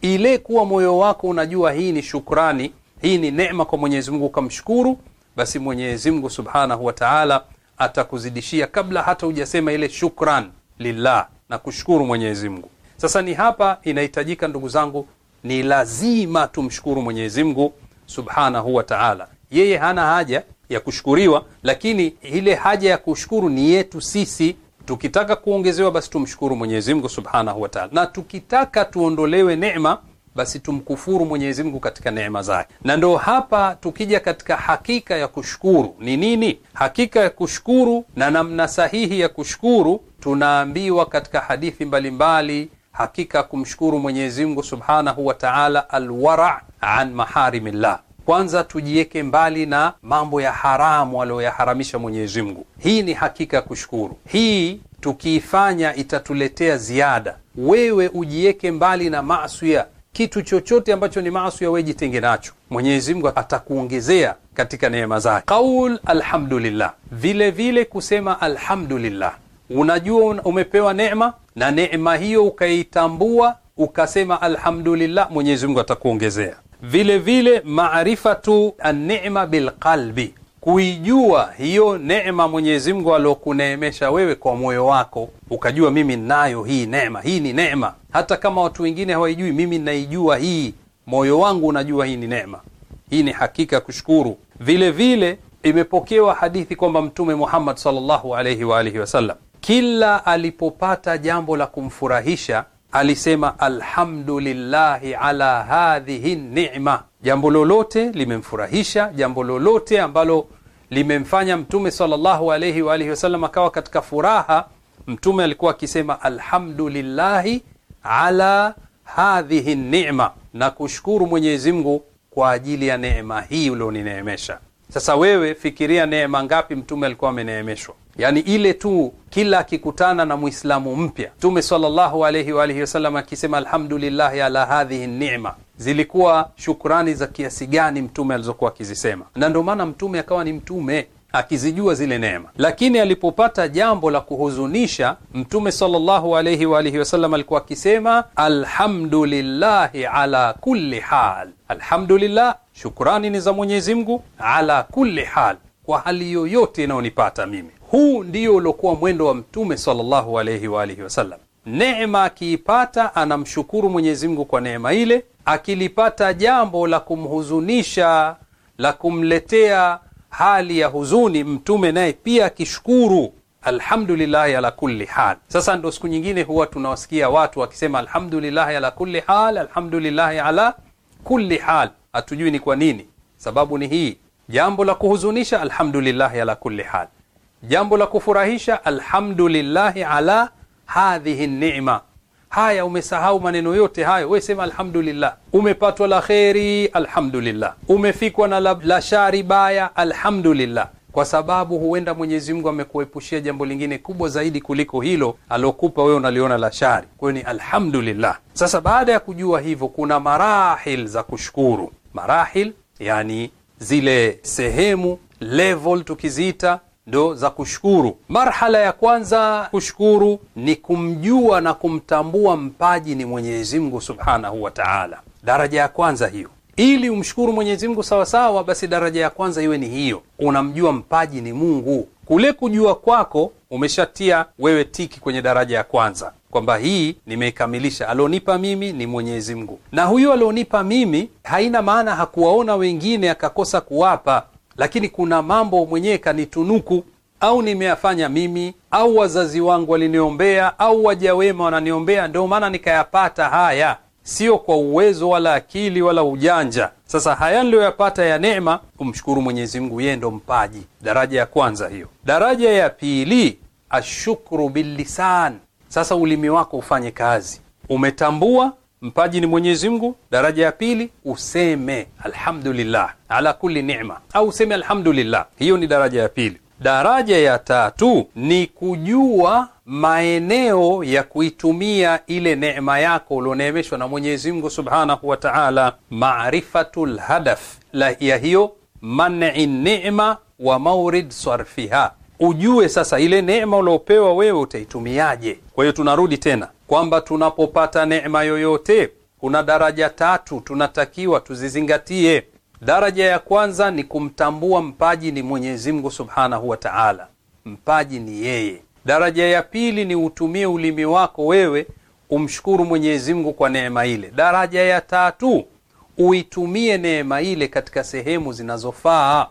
ile kuwa moyo wako unajua hii ni shukrani, hii ni neema kwa Mwenyezi Mungu, ukamshukuru basi Mwenyezi Mungu Subhanahu wa Ta'ala atakuzidishia kabla hata hujasema ile shukran lillah na kushukuru Mwenyezi Mungu. Sasa ni hapa inahitajika, ndugu zangu, ni lazima tumshukuru Mwenyezi Mungu Subhanahu wa Ta'ala. Yeye hana haja ya kushukuriwa, lakini ile haja ya kushukuru ni yetu sisi. Tukitaka kuongezewa, basi tumshukuru Mwenyezi Mungu Subhanahu wa Ta'ala, na tukitaka tuondolewe neema basi tumkufuru Mwenyezi Mungu katika neema zake. Na ndo hapa tukija katika hakika ya kushukuru ni nini? Hakika ya kushukuru na namna sahihi ya kushukuru, tunaambiwa katika hadithi mbalimbali mbali, hakika kumshukuru Mwenyezi Mungu subhanahu wa taala, alwara an maharimillah kwanza tujiweke mbali na mambo ya haramu aliyoyaharamisha Mwenyezi Mungu. Hii ni hakika ya kushukuru. Hii tukiifanya itatuletea ziada. Wewe ujiweke mbali na masia kitu chochote ambacho ni maasi ya wejitenge nacho, Mwenyezi Mungu atakuongezea katika neema zake. Qaul alhamdulillah, vile vile kusema alhamdulillah. Unajua umepewa neema na neema hiyo ukaitambua, ukasema alhamdulillah, Mwenyezi Mungu atakuongezea vile vile. Maarifatu bilqalbi kuijua hiyo neema Mwenyezi Mungu aliokuneemesha wewe kwa moyo wako, ukajua mimi nayo hii neema. Hii ni neema, hata kama watu wengine hawaijui, mimi naijua hii, moyo wangu unajua hii ni neema. Hii ni hakika kushukuru. Vile vile imepokewa hadithi kwamba Mtume Muhammad sallallahu alayhi wa alihi wasallam kila alipopata jambo la kumfurahisha alisema alhamdulillahi ala hadhihi ni'ma. Jambo lolote limemfurahisha, jambo lolote ambalo limemfanya Mtume sallallahu alaihi wa alihi wasallam akawa katika furaha. Mtume alikuwa akisema alhamdulillahi ala hadhihi ni'ma, na kushukuru Mwenyezi Mungu kwa ajili ya neema hii ulionineemesha. Sasa wewe fikiria neema ngapi Mtume alikuwa ameneemeshwa, yani ile tu, kila akikutana na mwislamu mpya Mtume sallallahu alaihi wa alihi wasallam akisema alhamdulillahi ala hadhihi ni'ma zilikuwa shukrani za kiasi gani mtume alizokuwa akizisema, na ndio maana mtume akawa ni mtume akizijua zile neema. Lakini alipopata jambo la kuhuzunisha, mtume sallallahu alayhi wa alihi wasallam alikuwa akisema alhamdulillahi ala kulli hal. Alhamdulillah, shukrani ni za Mwenyezi Mungu, ala kulli hal, kwa hali yoyote inayonipata mimi. Huu ndio uliokuwa mwendo wa mtume sallallahu alayhi wa alihi wasallam. Neema akiipata anamshukuru Mwenyezi Mungu kwa neema ile akilipata jambo la kumhuzunisha la kumletea hali ya huzuni, Mtume naye pia akishukuru alhamdulillahi ala kulli hal. Sasa ndo siku nyingine huwa tunawasikia watu wakisema alhamdulillahi ala kulli hal, alhamdulillahi ala kulli hal. Hatujui ni kwa nini, sababu ni hii: jambo la kuhuzunisha alhamdulillahi ala kulli hal, jambo la kufurahisha alhamdulillahi ala hadhihi nima Haya, umesahau maneno yote hayo, we sema alhamdulillah. Umepatwa la kheri, alhamdulillah. Umefikwa na la, la shari baya, alhamdulillah, kwa sababu huenda Mwenyezi Mungu amekuepushia jambo lingine kubwa zaidi kuliko hilo alokupa wewe unaliona la shari. Kwa hiyo ni alhamdulillah. Sasa baada ya kujua hivyo, kuna marahil za kushukuru. Marahil yani zile sehemu level tukiziita ndo za kushukuru. Marhala ya kwanza kushukuru ni kumjua na kumtambua mpaji ni Mwenyezi Mungu subhanahu wa taala, daraja ya kwanza hiyo. Ili umshukuru Mwenyezi Mungu sawasawa, basi daraja ya kwanza iwe ni hiyo, unamjua mpaji ni Mungu. Kule kujua kwako umeshatia wewe tiki kwenye daraja ya kwanza kwamba hii nimeikamilisha, alionipa mimi ni Mwenyezi Mungu, na huyu alionipa mimi haina maana hakuwaona wengine akakosa kuwapa lakini kuna mambo mwenyewe kanitunuku au nimeyafanya mimi au wazazi wangu waliniombea au waja wema wananiombea, ndio maana nikayapata haya, sio kwa uwezo wala akili wala ujanja. Sasa haya niliyoyapata ya neema, umshukuru Mwenyezi Mungu, yeye ndo mpaji. Daraja ya kwanza hiyo. Daraja ya pili, ashukuru billisan. Sasa ulimi wako ufanye kazi, umetambua Mpaji ni Mwenyezi Mungu. Daraja ya pili useme alhamdulillah ala kulli ni'ma, au useme alhamdulillah. Hiyo ni daraja ya pili. Daraja ya tatu ni kujua maeneo ya kuitumia ile neema yako ulioneemeshwa na Mwenyezi Mungu subhanahu wa taala, marifatu lhadaf ya hiyo man'i ni'ma wa maurid sarfiha ujue sasa ile neema uliopewa wewe utaitumiaje. Kwa hiyo tunarudi tena kwamba tunapopata neema yoyote kuna daraja tatu tunatakiwa tuzizingatie. Daraja ya kwanza ni kumtambua mpaji ni Mwenyezi Mungu Subhanahu wa Ta'ala, mpaji ni yeye. Daraja ya pili ni utumie ulimi wako wewe umshukuru Mwenyezi Mungu kwa neema ile. Daraja ya tatu uitumie neema ile katika sehemu zinazofaa,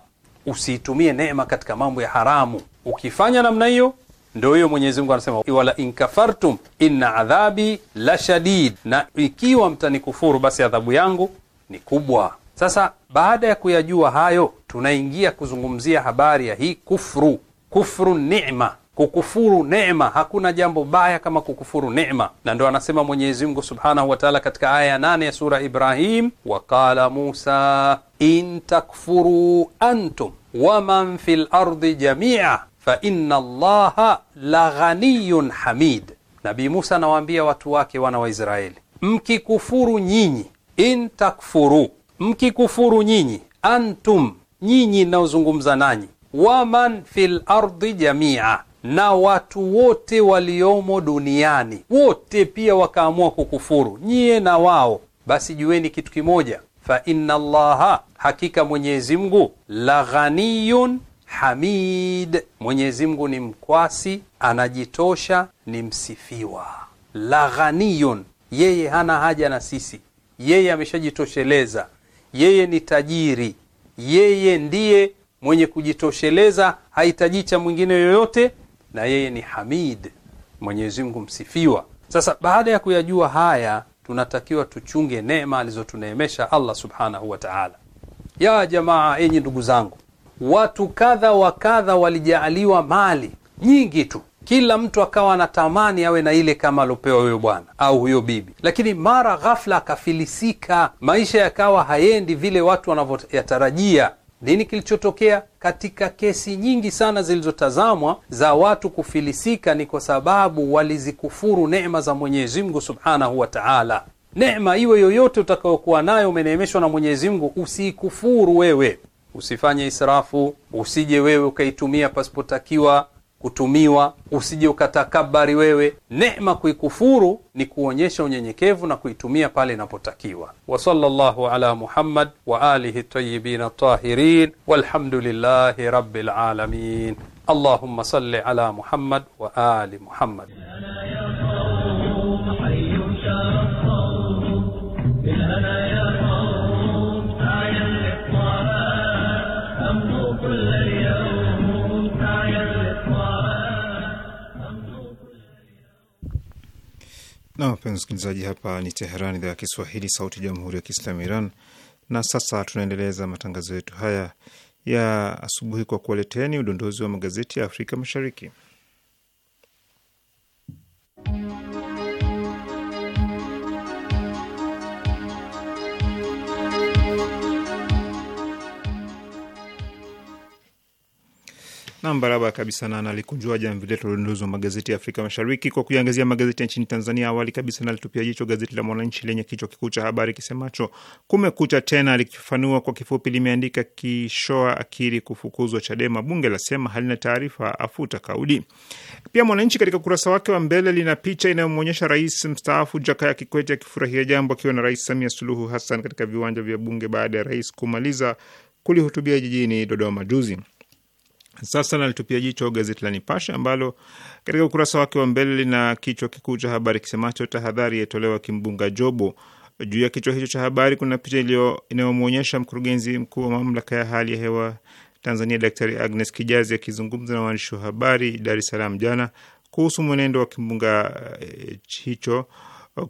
usiitumie neema katika mambo ya haramu. Ukifanya namna hiyo ndo hiyo Mwenyezi Mungu anasema wala inkafartum inna adhabi la shadid, na ikiwa mtanikufuru basi adhabu yangu ni kubwa. Sasa baada ya kuyajua hayo, tunaingia kuzungumzia habari ya hii kufru, kufru nema kukufuru nema Hakuna jambo baya kama kukufuru nema na ndo anasema Mwenyezi Mungu subhanahu wataala katika aya ya nane ya sura Ibrahim, waqala Musa in takfuruu antum waman fi lardi jamia fa inna Allaha la ghaniyun hamid. Nabii Musa anawaambia watu wake wana wa Israeli, mkikufuru nyinyi, in takfuru, mkikufuru nyinyi, antum, nyinyi naozungumza nanyi, waman fil ardi jamia, na watu wote waliomo duniani wote pia wakaamua kukufuru nyie na wao, basi jueni kitu kimoja, fa inna Allaha, hakika Mwenyezi Mungu la ghaniyun Hamid, Mwenyezi Mungu ni mkwasi, anajitosha, ni msifiwa. La ghaniyun, yeye hana haja na sisi, yeye ameshajitosheleza, yeye ni tajiri, yeye ndiye mwenye kujitosheleza, hahitaji cha mwingine yoyote, na yeye ni Hamid, Mwenyezi Mungu msifiwa. Sasa baada ya kuyajua haya, tunatakiwa tuchunge neema alizotuneemesha Allah subhanahu wa taala. Ya jamaa, enyi ndugu zangu watu kadha wa kadha walijaaliwa mali nyingi tu, kila mtu akawa anatamani awe na ile kama aliopewa huyo bwana au huyo bibi, lakini mara ghafla akafilisika, maisha yakawa hayendi vile watu wanavyoyatarajia. Nini kilichotokea? Katika kesi nyingi sana zilizotazamwa za watu kufilisika, ni kwa sababu walizikufuru neema za Mwenyezi Mungu subhanahu wa taala. Neema iwe yoyote utakayokuwa nayo, umeneemeshwa na Mwenyezi Mungu, usiikufuru wewe usifanye israfu, usije wewe ukaitumia pasipotakiwa kutumiwa, usije ukatakabari wewe. Neema kuikufuru ni kuonyesha unyenyekevu na kuitumia pale inapotakiwa. Wa sallallahu ala Muhammad wa alihi tayyibin tahirin walhamdulillahi rabbil alamin. Allahumma salli ala Muhammad wa ali Muhammad. Na wapenzi msikilizaji, hapa ni teheran idhaa ya Kiswahili, sauti ya jamhuri ya kiislamu Iran. Na sasa tunaendeleza matangazo yetu haya ya asubuhi kwa kuwaleteni udondozi wa magazeti ya Afrika Mashariki. Nam, barabara kabisa, na nalikunjua jamvi letu udondozi wa magazeti ya Afrika Mashariki kwa kuiangazia magazeti ya nchini Tanzania. Awali kabisa, nalitupia jicho gazeti la Mwananchi lenye kichwa kikuu cha habari kisemacho kumekucha tena, likifafanua kwa kifupi, limeandika Kishoa akiri kufukuzwa Chadema, bunge lasema halina taarifa, afuta kauli. Pia Mwananchi katika ukurasa wake wa mbele lina picha inayomwonyesha rais mstaafu Jakaya Kikwete akifurahia jambo akiwa na Rais Samia Suluhu Hassan katika viwanja vya Bunge baada ya rais kumaliza kulihutubia jijini Dodoma juzi. Sasa nalitupia jicho gazeti la Nipashe ambalo katika ukurasa wake wa mbele lina kichwa kikuu cha habari kisemacho tahadhari yatolewa kimbunga Jobo. Juu ya kichwa hicho cha habari kuna picha inayomwonyesha mkurugenzi mkuu wa mamlaka ya hali ya hewa Tanzania Daktari Agnes Kijazi akizungumza na waandishi wa habari Dar es Salaam jana kuhusu mwenendo wa kimbunga eh, hicho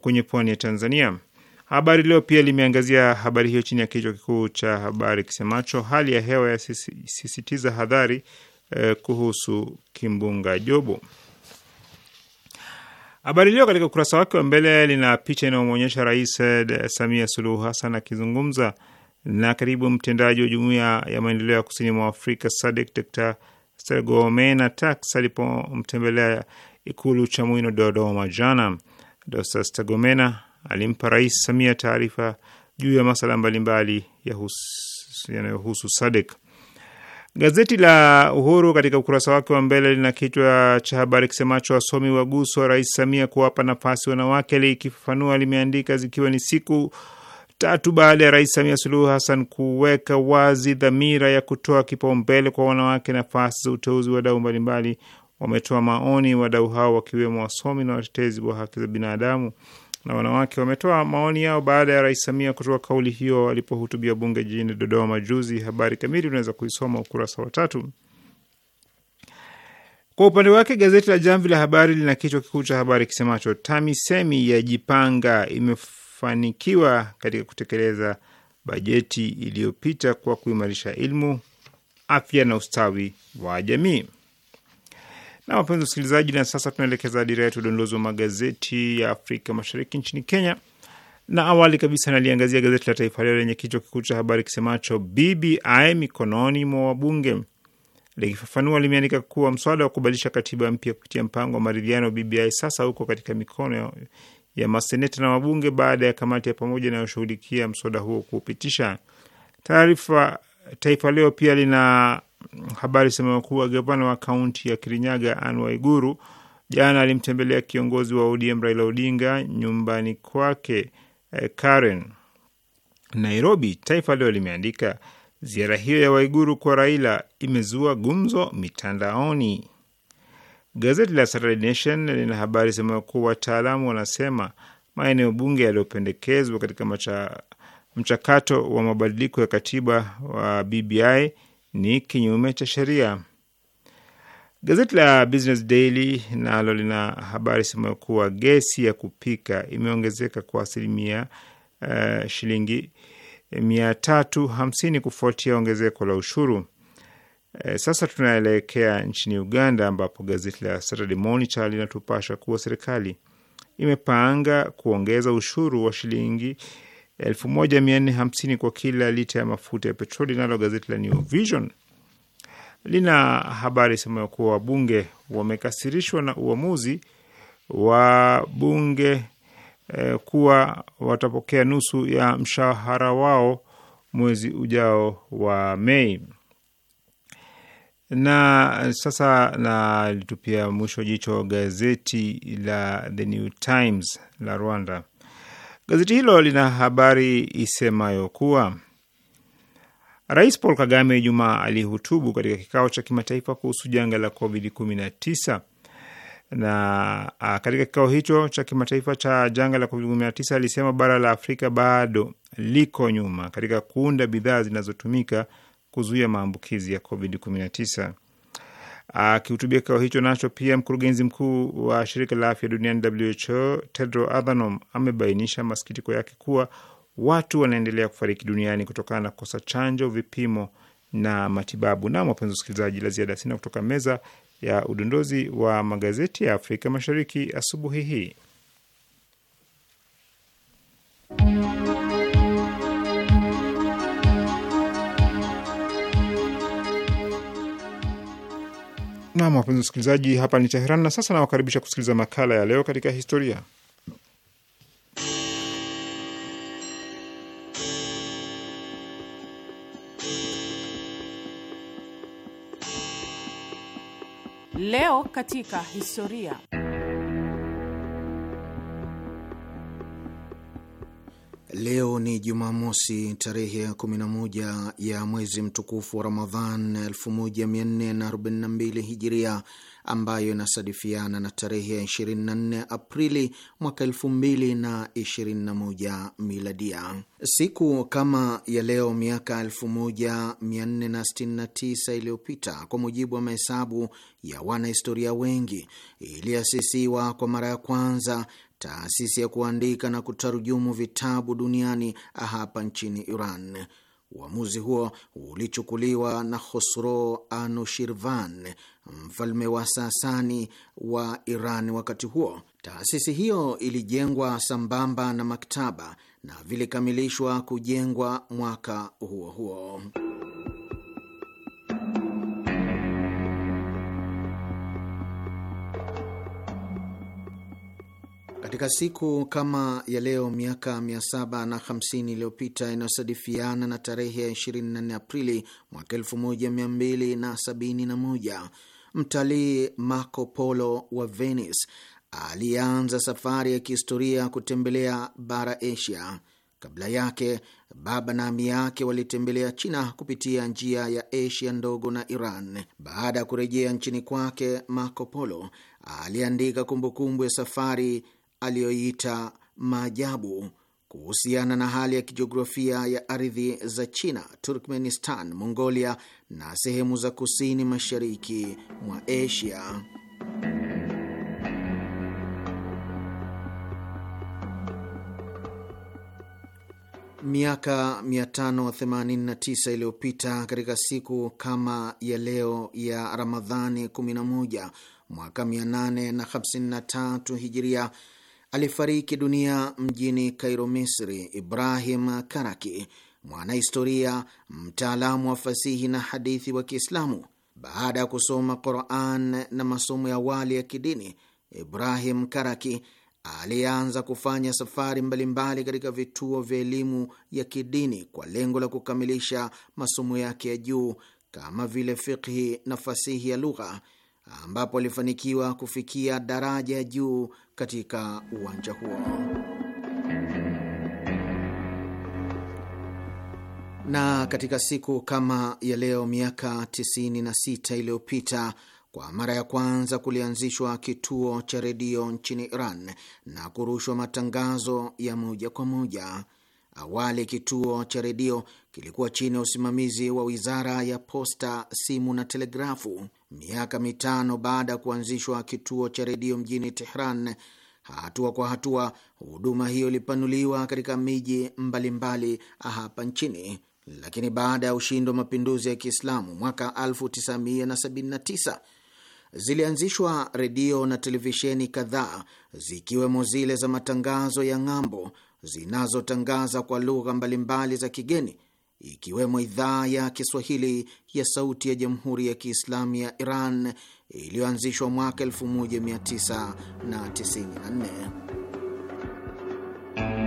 kwenye pwani ya Tanzania. Habari Leo pia limeangazia habari hiyo chini ya kichwa kikuu cha habari kisemacho hali ya hewa yasisitiza hadhari eh, kuhusu kimbunga Jobo. Habari Leo katika ukurasa wake wa mbele lina picha inayomwonyesha Rais eh, Samia Suluhu Hassan akizungumza na katibu mtendaji wa Jumuiya ya Maendeleo ya Kusini mwa Afrika SADC Dr Stergomena Tax alipomtembelea Ikulu Chamwino, Dodoma jana. Dr Stergomena alimpa Rais Samia taarifa juu ya masala mbalimbali yanayohusu Sadek. Gazeti la Uhuru katika ukurasa wake wa mbele lina kichwa cha habari kisemacho wasomi waguswa, Rais Samia kuwapa nafasi wanawake. Likifafanua limeandika zikiwa ni siku tatu baada ya Rais Samia Suluhu Hassan kuweka wazi dhamira ya kutoa kipaumbele kwa wanawake nafasi za uteuzi, wadau mbalimbali wametoa maoni, wadau hao wakiwemo wasomi na watetezi wa haki za binadamu na wanawake wametoa maoni yao baada ya Rais Samia kutoa kauli hiyo alipohutubia bunge jijini Dodoma juzi. Habari kamili unaweza kuisoma ukurasa wa tatu. Kwa upande wake gazeti la Jamvi la Habari lina kichwa kikuu cha habari kisemacho TAMISEMI ya jipanga imefanikiwa katika kutekeleza bajeti iliyopita kwa kuimarisha elimu, afya na ustawi wa jamii. Na wapenzi wasikilizaji, na sasa tunaelekeza dira yetu udondozi wa magazeti ya Afrika Mashariki nchini Kenya, na awali kabisa naliangazia gazeti la Taifa Leo lenye kichwa kikuu cha habari kisemacho BBI mikononi mwa wabunge. Likifafanua, limeandika kuwa mswada wa kubadilisha katiba mpya kupitia mpango wa maridhiano BBI sasa uko katika mikono ya maseneta na wabunge baada ya kamati ya pamoja inayoshughulikia mswada huo kuupitisha. Taarifa Taifa Leo pia lina habari sema kuwa gavana wa kaunti ya Kirinyaga anwaiguru Waiguru jana alimtembelea kiongozi wa ODM Raila Odinga nyumbani kwake eh, Karen, Nairobi. Taifa Leo limeandika ziara hiyo ya Waiguru kwa Raila imezua gumzo mitandaoni. Gazeti la Saturday Nation lina habari sema kuwa wataalamu wanasema maeneo bunge yaliyopendekezwa katika mcha, mchakato wa mabadiliko ya katiba wa BBI ni kinyume cha sheria. Gazeti la Business Daily nalo na lina habari sema kuwa gesi ya kupika imeongezeka kwa asilimia uh, shilingi eh, mia tatu hamsini kufuatia ongezeko la ushuru. E, sasa tunaelekea nchini Uganda ambapo gazeti la Saturday Monitor linatupasha kuwa serikali imepanga kuongeza ushuru wa shilingi 1450 kwa kila lita ya mafuta ya petroli. Nalo gazeti la New Vision lina habari semayo kuwa wabunge wamekasirishwa na uamuzi wa bunge eh, kuwa watapokea nusu ya mshahara wao mwezi ujao wa Mei. Na sasa na litupia mwisho jicho gazeti la The New Times la Rwanda Gazeti hilo lina habari isemayo kuwa Rais Paul Kagame Ijumaa alihutubu katika kikao cha kimataifa kuhusu janga la COVID-19 na a, katika kikao hicho cha kimataifa cha janga la COVID-19 alisema bara la Afrika bado liko nyuma katika kuunda bidhaa zinazotumika kuzuia maambukizi ya COVID-19. Akihutubia kikao hicho nacho pia, mkurugenzi mkuu wa shirika la afya duniani WHO Tedro Adhanom amebainisha masikitiko yake kuwa watu wanaendelea kufariki duniani kutokana na kukosa chanjo, vipimo na matibabu. Na wapenzi wasikilizaji, la ziada sina kutoka meza ya udondozi wa magazeti ya Afrika Mashariki asubuhi hii. Nam, wapenzi wasikilizaji, hapa ni Teheran na sasa nawakaribisha kusikiliza makala ya leo katika historia. Leo katika historia Leo ni Jumamosi, tarehe ya 11 ya mwezi mtukufu wa Ramadhan 1442 Hijiria, ambayo inasadifiana na tarehe ya 24 Aprili mwaka 2021 Miladia. Siku kama ya leo miaka 1469 iliyopita, kwa mujibu wa mahesabu ya wanahistoria wengi, iliasisiwa kwa mara ya kwanza taasisi ya kuandika na kutarujumu vitabu duniani hapa nchini Iran. Uamuzi huo ulichukuliwa na Khosro Anushirvan, mfalme wa Sasani wa Iran wakati huo. Taasisi hiyo ilijengwa sambamba na maktaba na vilikamilishwa kujengwa mwaka huo huo. Katika siku kama ya leo miaka 750 iliyopita inayosadifiana na tarehe ya 24 Aprili mwaka 1271 mtalii Marco Polo wa Venice alianza safari ya kihistoria kutembelea bara Asia. Kabla yake baba na ami yake walitembelea China kupitia njia ya Asia ndogo na Iran. Baada ya kurejea nchini kwake, Marco Polo aliandika kumbukumbu ya safari aliyoiita maajabu kuhusiana na hali ya kijiografia ya ardhi za China, Turkmenistan, Mongolia na sehemu za kusini mashariki mwa Asia. Miaka 589 iliyopita katika siku kama ya leo ya Ramadhani 11 mwaka 853 hijiria alifariki dunia mjini Kairo, Misri. Ibrahim Karaki, mwanahistoria mtaalamu wa fasihi na hadithi wa Kiislamu, baada ya kusoma Quran na masomo ya awali ya kidini, Ibrahim Karaki alianza kufanya safari mbalimbali katika vituo vya elimu ya kidini kwa lengo la kukamilisha masomo yake ya juu kama vile fikhi na fasihi ya lugha, ambapo alifanikiwa kufikia daraja ya juu katika uwanja huo. Na katika siku kama ya leo miaka 96 iliyopita kwa mara ya kwanza kulianzishwa kituo cha redio nchini Iran na kurushwa matangazo ya moja kwa moja. Awali kituo cha redio kilikuwa chini ya usimamizi wa wizara ya posta, simu na telegrafu miaka mitano baada ya kuanzishwa kituo cha redio mjini Tehran. Hatua kwa hatua, huduma hiyo ilipanuliwa katika miji mbalimbali hapa nchini, lakini baada ya ushindi wa mapinduzi ya Kiislamu mwaka 1979 zilianzishwa redio na televisheni kadhaa zikiwemo zile za matangazo ya ng'ambo zinazotangaza kwa lugha mbalimbali za kigeni ikiwemo idhaa ya Kiswahili ya Sauti ya Jamhuri ya Kiislamu ya Iran iliyoanzishwa mwaka 1994.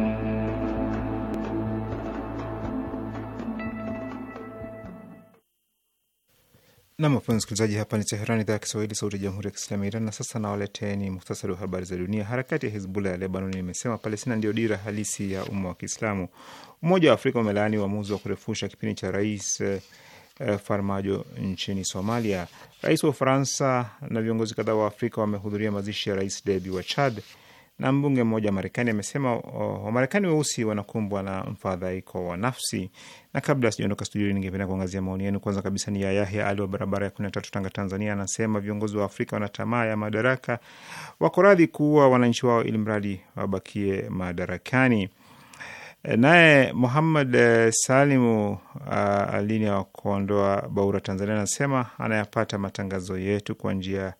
Nam, wapenzi msikilizaji, hapa ni Teherani, idhaa ya Kiswahili, sauti ya jamhuri ya kiislamu ya Iran. Na sasa nawaleteni muhtasari wa habari za dunia. Harakati ya Hizbullah ya Lebanon imesema Palestina ndiyo dira halisi ya umma wa Kiislamu. Umoja wa Afrika umelaani uamuzi wa kurefusha kipindi cha rais eh, eh, Farmajo nchini Somalia. Rais wa Ufaransa na viongozi kadhaa wa Afrika wamehudhuria mazishi ya rais Debi wa Chad na mbunge mmoja wa Marekani amesema oh, Wamarekani weusi wanakumbwa na mfadhaiko wa nafsi. Na kabla sijaondoka studioni, ningependa kuangazia maoni yenu. Kwanza kabisa ni ya Yahya Ali wa barabara ya kumi na tatu, Tanga, Tanzania. Anasema viongozi wa Afrika wana tamaa ya madaraka, wako radhi kuua wananchi wao ili mradi wabakie madarakani. Naye Muhammad eh, Salimu uh, eh, Alini wa Kondoa Baura, Tanzania, anasema anayapata matangazo yetu kwa njia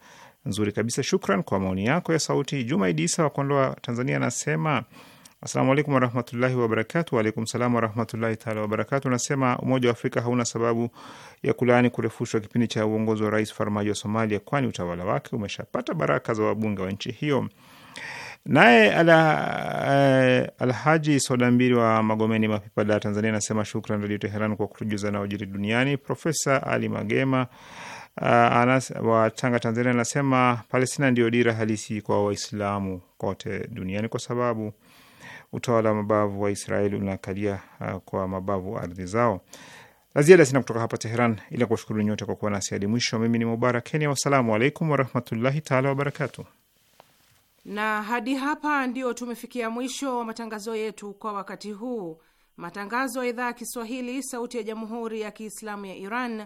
nzuri kabisa, shukran kwa maoni yako ya sauti. Juma Idisa wa Kondoa, Tanzania anasema Asalamu alaikum warahmatullahi wabarakatu. Waalaikum salam warahmatullahi taala wabarakatu. Unasema Umoja wa Afrika hauna sababu ya kulaani kurefushwa kipindi cha uongozi wa Rais Farmaji wa Somalia, kwani utawala wake umeshapata baraka za wabunge wa nchi hiyo. Naye eh, Alhaji ala Soda Mbili wa Magomeni Mapipa da Tanzania anasema shukran Radio Teheran kwa kutujuza na ujiri duniani. Profesa Ali Magema Ah, anas, wa Tanga, Tanzania, anasema Palestina ndio dira halisi kwa Waislamu kote duniani kwa sababu utawala wa mabavu wa Israeli unakalia uh, kwa mabavu ardhi zao. La ziada sina kutoka hapa Teheran, ila kuwashukuru nyote kwa kuwa nasi hadi mwisho. Mimi ni Mubarak Kenya, wassalamu alaikum warahmatullahi taala wabarakatu Na hadi hapa ndio tumefikia mwisho wa matangazo yetu kwa wakati huu. Matangazo ya idhaa ya Kiswahili, sauti ya jamhuri ya kiislamu ya Iran